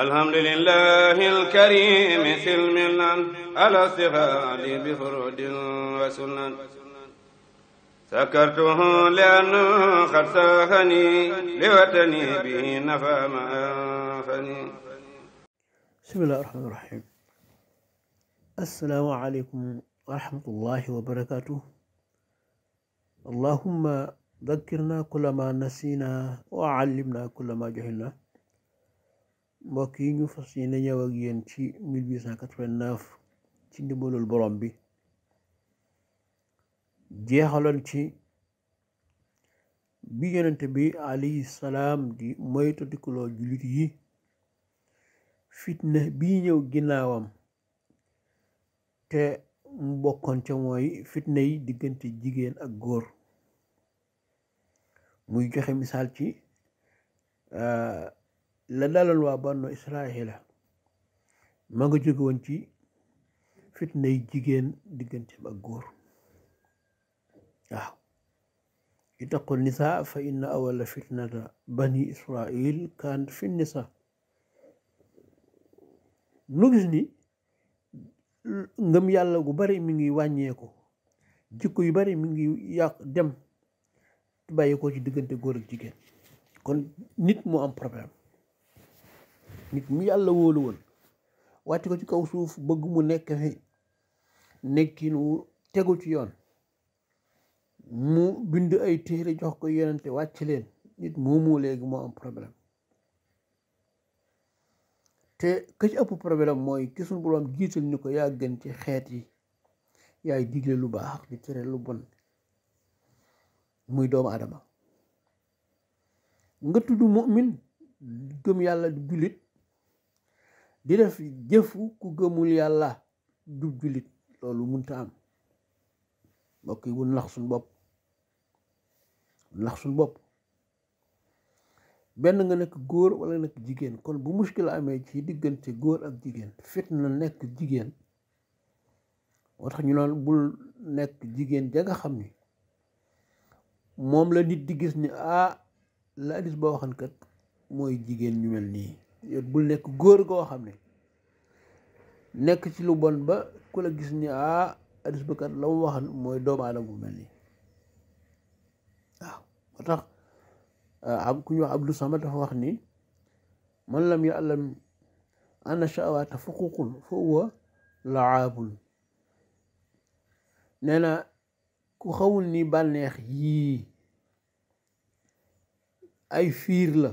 alhamdulillahi alkarimi silmilan ala sihadi bi furudin wa sunan sakartuhu liannu qad sahani liwatani bihi nafa ma anfani bismillahi rahmani rahim assalaamu aleykum wa rahmatullahi wa barakatuh allahumma dakkirna kulla ma nasina wa allimna kulla ma jahilna mbokk yi ñu fas yéene ñëw ak yéen ci 1889 ci ndimbalul borom bi jeexaloon ci bi yonent bi alayhi salaam di moytandikuloo jullit yi fitna bi ñëw ginnaawam te mu bokkoon ca mooy fitna yi diggante jigéen ak góor muy joxe misaal ci euh, la dalal waa banno israila ma nga jóge woon ci fitnay jigéen digganteem ak góor waaw itaqu nisa fa inna awala fitnata bani israil kan fi nisa nu gis ni ngëm yàlla gu bari mi ngi wàññeeku jikko yu bari mi ngi yàq dem bàyyi ko ci diggante góor ak jigéen kon nit moo am problème nit mi yàlla wóolu woon wàcc ko ci kaw suuf bëgg mu nekk fi nekkin wu tegu ci yoon mu bind ay téere jox ko yonente wàcc leen nit moomu léegi moo am problème te ka ci ëpp problème mooy ki suñu borom jiital ni ko yaa gën ci xeet yi yaay digle lu baax di tere lu bon muy doomu adama nga tudd mu'min gëm yàlla jullit di def jëfu ku gëmul yàlla dub jullit loolu munta am mbokk yi bu nax suñ bopp nax suñ bopp benn nga nekk góor walla nekk jigéen kon bu muskil amee ci diggante góor ak jigéen fitna nekk jigéen moo tax ñu naan bul nekk jigéen ja nga xam ni moom la nit di gis ni ah la hadis ba waxan mooy jigéen ñu mel nii yow bul nekk góor goo xam ne nekk ci lu bon ba ku la gis ni ah addis bëkkat la mu waxan mooy doomu aadama bu mel nii waaw moo tax ah, am ku ñu wax Abdou Sama dafa wax ni man lam ya'lam anna sha'awaata fuququn fa huwa laabun nee na ku xawul ni bànneex yii ay fiir la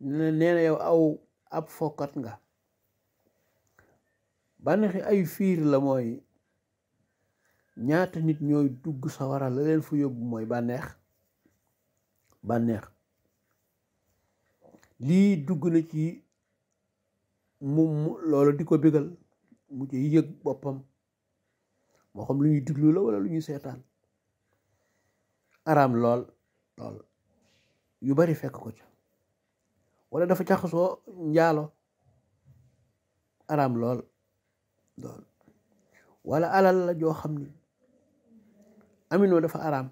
nee na aw ab fokkat nga bànneexi ay fiir la mooy ñaata nit ñooy dugg sawara la leen fu yóbbu mooy bànneex bànneex lii dugg na ci mu mu loolu di ko bégal mu ci yëg boppam moo xam lu ñuy diglu la walla lu ñuy seetaan araam lool lool yu bari fekk ko ca wala dafa jaxasoo njaalo araam lool lool wala alal la joo xam ni aminoo dafa araam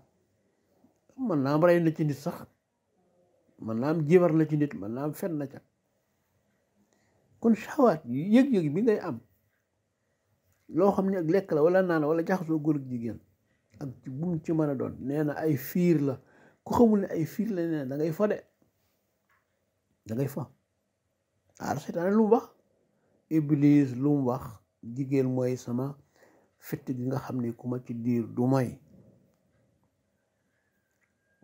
mën naa am rey na ci nit sax mën naa am jibar na ci nit mën naa fen na ca kon shawaat yëg-yëg bi ngay am loo xam ne ak lekk la wala naan wala jaxasoo góor ak jigéen ak bu ci mën a doon neena ay fiir la ku xamul ne ay fiir la nee na da da fa ah seytaane lu wax iblis lum wax jigéen mooy sama fitt gi nga xam ne ku ma ci diir du may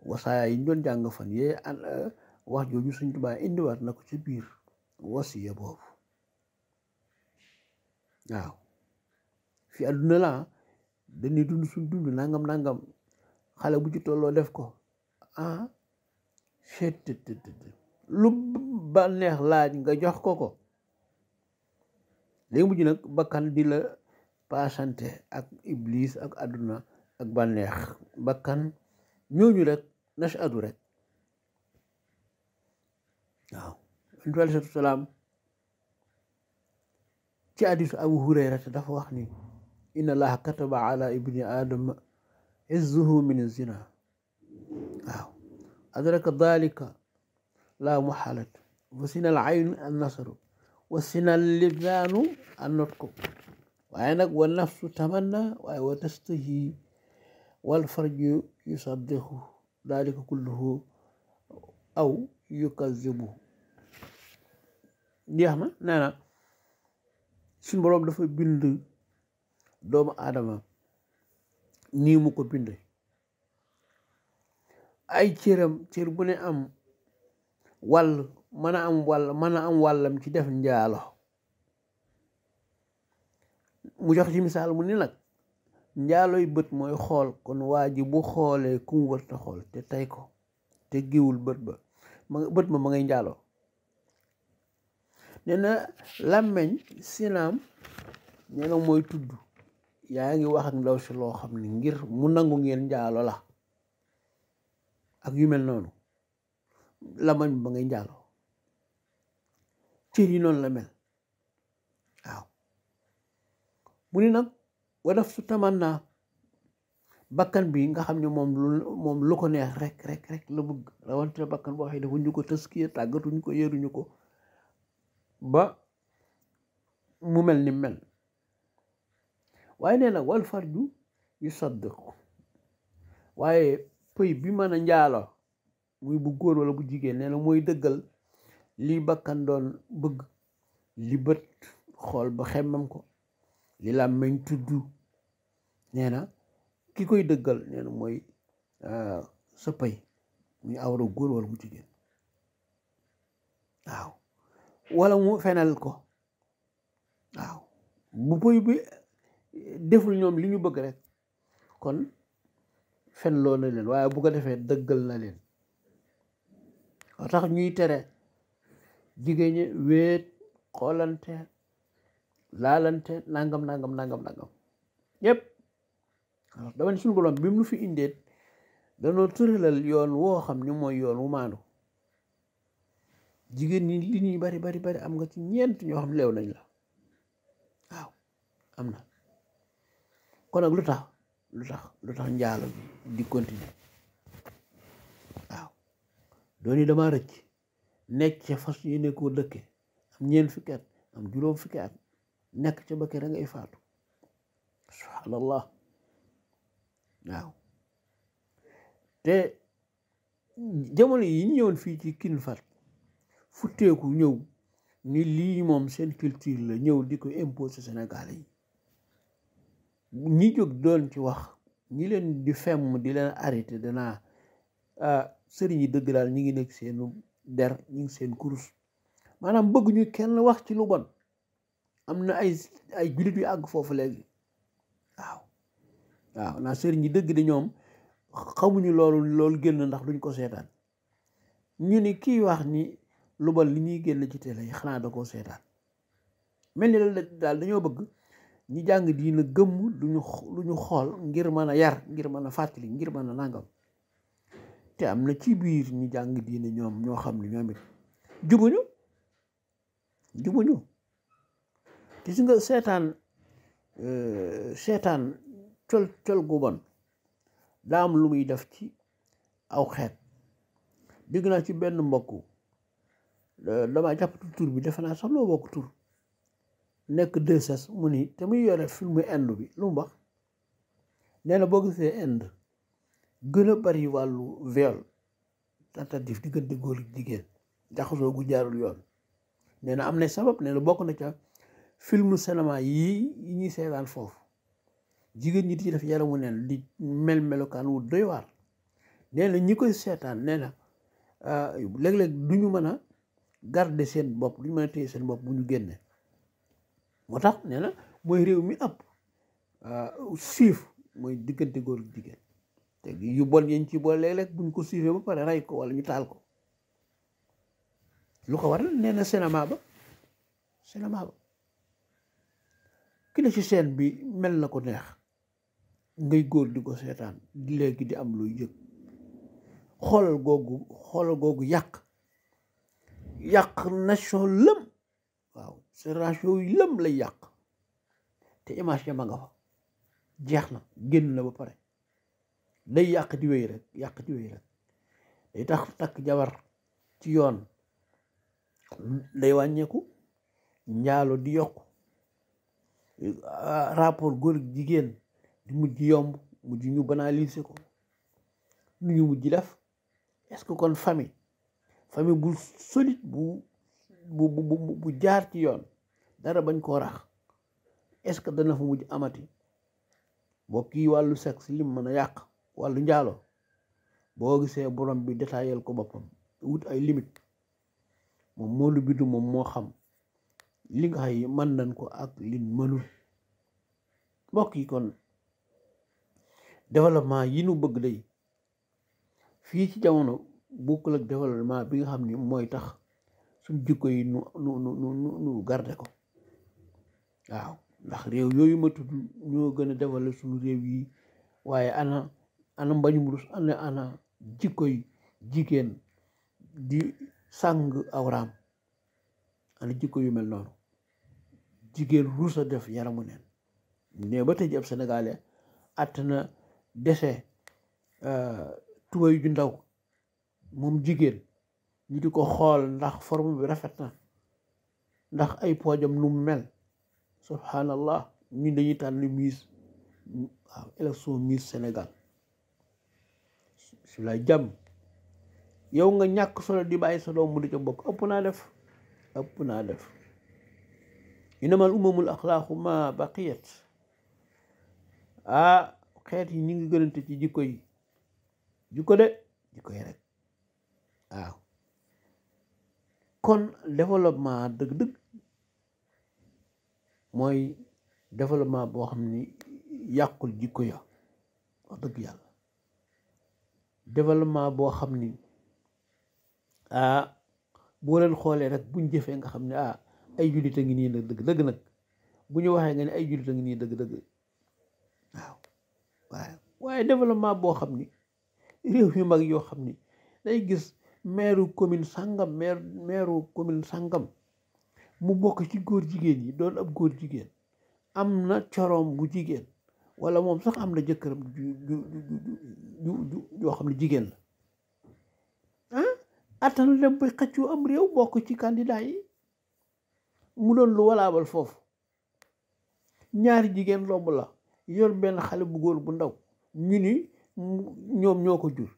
wasaaya yi ñu doon jàng fan yee euh, wax jooju suñ tubaab indiwaat na ko ci biir wasiya boobu waaw fi àdduna la dañuy dund suñ dund nangam nangam xale bu ci tolloo def ko ah lu ba laaj nga jox ko ko léegi mujj bakkan di la ak iblis ak àdduna ak banneex bakkan ñooñu rek nashaatu rek waaw yonent bi alayhi salaam ci hadiisu Abu Hurayra te dafa wax ni inna allaha kataba ala ibni adama izzuhu min zina waaw adraka dalika la muhalatu wa sinal aynu an nasaru wa sinal lisaanu an nutqu waaye nag wa nafsu tamanna waaye wa tastahi wal farju yusaddiqu dalika kulluhu aw yukazibu jeex na nee na suñu dafa bind doomu aadama nii ko binde ay cëram cër bu am wal mën a am wàll mën a am wàllam ci def njaalo mu jox ci misaal mu ni nag njaaloy bët mooy xool kon waa ji bu xoolee ku wërta xool te tey ko te giwul bët ba ma bët ba ma ngay njaaloo nee na làmmeñ sinaam nee mooy tudd yaa ngi wax ak ndaw si loo xam ni ngir mu nangu ngeen njaalo la ak yu mel noonu lamañ bi ba ngay njaaloo cër yi noonu la mel mu ni nag wa daf su taman naa bakkan bi nga xam ne moom lu moom ko neex rek rek rek la bugg rawante bakkan boo xam ne defuñu ko taskiya tàggatuñu ko yéeruñu ko ba mu mel ni mel waaye nee na wal farju yu saddiqu waaye pëy bi mën a njaaloo muy bu góor wala bu jigéen nee na mooy dëggal li bakkan bëgg li bët xool ba xemmam ko li làmmiñ tudd nee na ki koy dëggal nee mooy euh, sa pay muy awra góor wala bu jigéen waaw wala mu fenal ko waaw bu pëy bi deful ñoom li ñu bëgg rek kon fen loo na leen waaye bu ko defee dëggal na leen tax ñuy tere jigéen ñi wéet xoolante laalante nangam nangam nangam nangam ñëpp alors dama ne suñu borom bi mu fi indeet danoo tëralal yoon woo xam ni mooy yoon wu maandu jigéen ñi li ñuy bari bari bari am nga ci ñeent ñoo xam leew nañ la waaw am na kon nag lu tax lu tax lu tax continuer dooni dama rëcc nekk ca fas ñu nekkoo dëkke am ñeent fukki at am juróom fukki at nekk ca ba kere ngay faatu subhaanallah waaw te jamono yi ñu ñëwoon fii ci kin fat futteeku ñëw ni lii moom seen culture la ñëw di ko imposer Sénégalais yi ñi jóg doon ci wax ñi leen di femm di leen arrêté danaa ah, sëriñ yi dëgg daal ñi ngi nekk seenu der ñi ngi seen kurus maanaam bëgguñu kenn wax ci lu bon am na ay ay jullit yu àgg foofu léegi waaw waaw naa sëriñ yi dëgg di ñoom xamuñu loolu loolu génn ndax duñ ko seetaan ñu ni kii wax ni lu bon li ñuy génn ci télé yi xanaa da koo seetaan mel ni daal dañoo bëgg ñi jàng diina gëmm luñu lu ñu xool ngir mën a yar ngir mën a fàttali ngir mën a nàngam te am na ci biir ñu jàng diine ñoom ñoo xam ne ñoom it jubuñu jubuñu gis nga seetaan euh, seetaan col col gu bon lu muy def ci aw xeet dégg naa ci benn mbokk euh, dama jàppatu tur bi defe naa sax loo tur nekk deux ses mu nii te muy yore filmu ind bi lu mu wax nee na boo gisee ind gën a bari wàllu viol tentative diggante góor ak jigéen jaxasoo gu jaarul yoon nee na am na sabab nee na bokk na ca filmu cinéma yii yi ñuy seetaan foofu jigéen ñi di ci def yaramu neen di mel melokaan wu doy waar nee na ñi koy seetaan nee na ah, léeg du ñu mën a garder seen bopp du ñu mën a téye seen bopp bu ñu génne moo tax nee na mooy réew mi ëpp ah, siif mooy diggante góor jigéen te yu bon yañ ci boole léeg-léeg buñ ko suivee ba pare ray ko wala ñu taal ko lu ko waral nee na cinéma ba cinéma ba ki ne ci scène bi mel na ko neex ngay góor di ko seetaan di léegi di am luy yëg xoolal googu yàq yàq nation lëm waaw génération yu lëm lay yàq te image ya ma nga fa jeex na génn na ba pare day yàq di wéy rek yàq di wéy rek day tax takk jabar ci yoon day wàññeeku njaalo di yokk ah, rapport góor jigéen di mujj yomb mujj ñu banaa banaliser ko nu ñu mujj def est-ce que kon famille famille bu solide bu bu bu bu jaar ci yoon dara bañ koo rax est-ce que dana fa mujj amati mbokk yi wàllu sexe lim mën a yàq wàllu njaaloo boo gisee borom bi détaillel ko boppam wut ay limit moom moo lu bidu moom moo xam li nga xay mën nañ ko ak lin mënul mbokk yi kon développement yi nu bëgg day fii ci jamono bokkul ak développement bi nga xam ni mooy tax suñ jikko yi nu nu nu nu garde ko waaw ndax réew yooyu ma tudd ñoo gën a développé suñu réew yi waaye ana ana mbañum rus ana ana jikkoy jigéen di sàng awraam ana jikko yu mel noonu jigéen rus a def yaramu neen ne ba tey ji ab sénégalais att na dese euh, tubéy ju ndaw moom jigéen ñu di ko xool ndax forme bi rafet na ndax ay pojam nu mel subhanallah ñun dañuy tànn miis waaw élection miss Sénégal su lay jàmm yow nga ñàkk solo di bàyyi solo doom mu di ca bokk ëpp naa def ëpp naa def inamal umamul axlaaqu ma baqiyat ah xeet yi ñu ngi gënante ci jikko yi jikko de jikko yi rek waaw kon développement dëgg-dëgg mooy développement boo xam ni yàqul jikko ya wax dëgg yàlla développement boo xam ni ah boo leen xoolee rek buñ jëfee nga xam ne ah ay jullit a ngi nii nag dëgg dëgg nag bu ñu waxee nga ne ay jullit a ngi nii dëgg dëgg waaw waaye waaye développement boo xam ni réew yu mag yoo xam ni day gis maire commune sàngam maire maire commune sàngam mu bokk ci góor jigéen yi doon ab góor jigéen am na corom bu jigéen wala moom sax am na jëkkëram ju ju ju joo xam ne jigéen la ah attanu dem ba xëccu am réew bokk ci candidat yi mu doon lu walaabal foofu ñaari jigéen lomb la yor benn xale bu góor bu ndaw ñu ni ñoom ñoo ko jur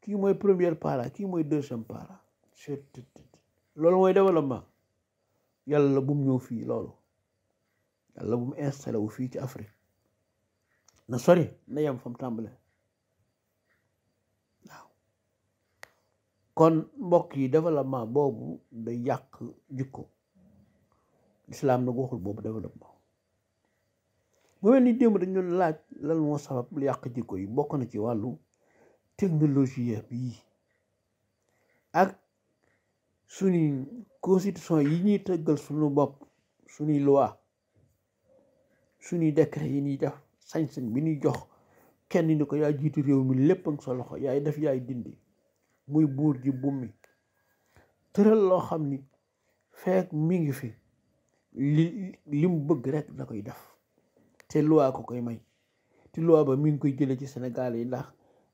kii mooy premier parent kii mooy deuxième parent loolu mooy développement yàlla bu mu ñëw fii loolu yàlla bu mu installé wu fii ci Afrique na sori na yem fa mu tàmbale kon mbokk yi développement boobu day yàq jikko lislaam nag waxul boobu développement mu mel ni démb dañu laaj lan moo sabab lu yàq jikko yi bokk na ci wàllu technologie yi ak suñuy constitution yi ñuy tëggal suñu bopp suñuy loi suñuy décret yi ñuy def sañ-sañ bi ñuy jox kenn ni ko yaa jiitu réew mi lépp ak sa loxo yaay def yaay dindi muy buur ji mi tëral loo xam ni feek mi ngi fi li li mu bëgg rek na koy def te luwaa ko koy may te luwaa ba mi ngi koy jëlee ci Sénégal yi ndax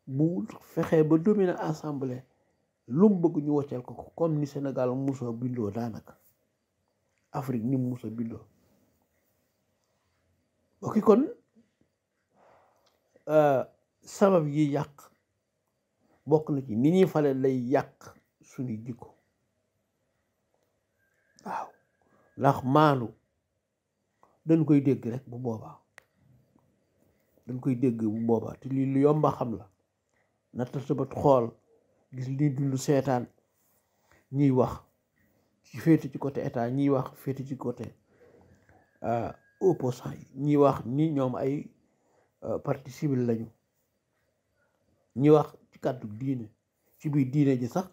bu fexee ba dominer assemblée lu mu bëgg ñu wocceel ko ko comme ni Sénégal musa bindoo daanaka Afrique ni musa bindoo ok kon sabab yi yàq bokk na ci ni ñuy fale lay yàq suñu jikko waaw ndax maandu dañ koy dégg rek bu boobaa dañ koy dégg bu boobaa te lu yomba xam la na tasabat xool gis li dund seetaan ñiy wax ci féete ci côté état ñiy wax féete ci côté euh, opposant yi ñiy wax ni ñoom ay Euh, partie civile lañu ñi wax ci kàddu diine ci biir diine ji sax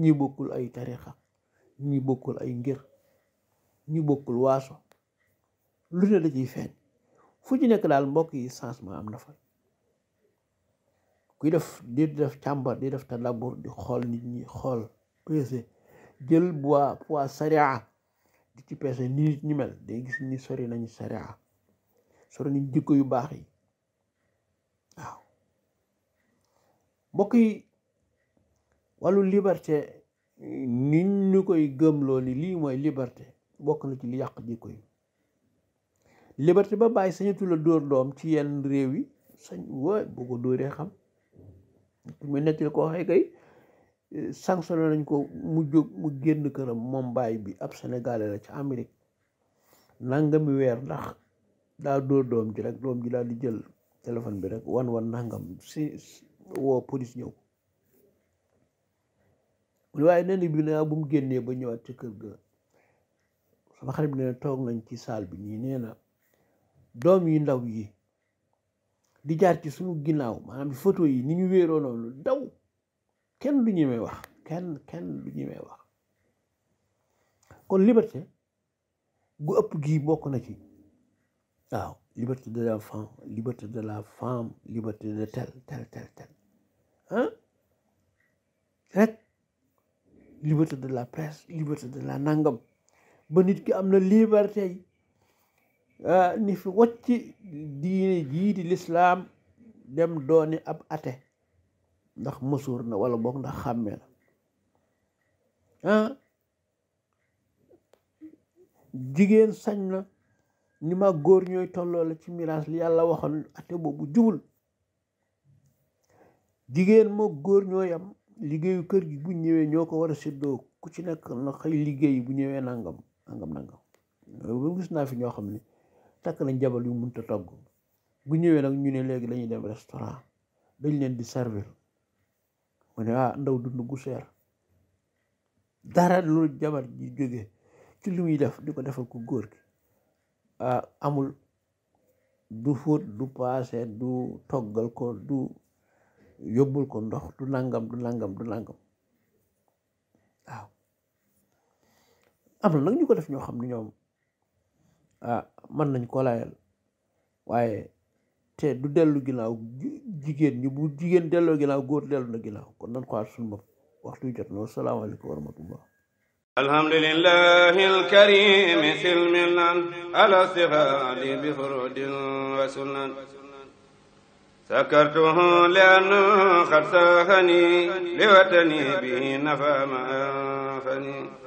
ñi bokkul ay tarixa ñi bokkul ay ngir ñi bokkul waaso lu ne da ciy feeñ fu ci nekk daal mbokk yi changement am na fa kuy def di def càmbar di def tadabbur di xool nit ñi xool peese jël bois poids saria di ci peese ni nit ñi mel day gis ni sori nañu saria sori nañ jikko yu baax yi waaw mbokk yi wàllu liberté ni ñu koy gëmloo ni lii mooy liberté bokk na ci li yàq jikko yi liberté ba bàyyi sañatu la dóor doom ci yenn réew yi sañ waay boo ko dóoree xam mu nettali ko waxee kay eh, sanctionné nañ ko mu jóg mu génn këram moom bàyyi bi ab sénégalais la ci nanga nangami weer ndax daa dóor doom ji rek doom ji daal di jël téléphone bi rek wan wan nangam si woo police ñëw waaye nen bi ne bu mu génnee ba ñëwaat ci kër ga sama xarit bi ne toog nañ ci saal bi ñii nee na doom yi ndaw yi di jaar ci suñu ginnaaw maanaam photo yi ni ñu wéeroo noonu daw kenn du ñemee wax kenn kenn du ñemee wax kon liberté gu ëpp gii bokk na ci waaw liberté de l'enfant liberté de la femme liberté de tel tel tel tel rek liberté de la presse liberté de la nangam ba nit ki am na liberté yi ah, ni fi wàcc diine jii di lislaam dem dooni ab ate ndax mësuur na wala boog ndax xàmmee na jigéen sañ na ñu ma góor ñooy tolloo la ci miraas li yàlla waxoon ate boobu jubul jigéen moo góor ñoo yam liggéeyu kër gi bu ñëwee ñoo ko war a séddoo ku ci nekk na xëy liggéey bu ñëwee nangam nangam nangam gis naa fi ñoo xam ne takk nañ jabal yu mënta togg bu ñëwee nag ñu ne léegi dañuy dem restaurant dañ leen di servir ne ah, ndaw dund gu seer dara lu jabar ji jóge ci def ko defal ko góor gi Euh, amul du fóot du paase du toggal ko du yóbbul ko ndox du nangam du nangam du nangam waaw am na nag ñu ko def ñoo xam ne ñoom a euh, mën nañ ko layal waaye te du dellu ginnaaw jigéen ñi bu jigéen delloo ginnaaw góor dellu na ginnaaw kon nan ko aat suñu bopp waxtu jot na wasalaamaaleykum wa rahmatullah الحمد لله الكريم سلمنا على استغال بفرود وسنن سكرته لأنه قد ساخني لوطني به نفى ما أنفني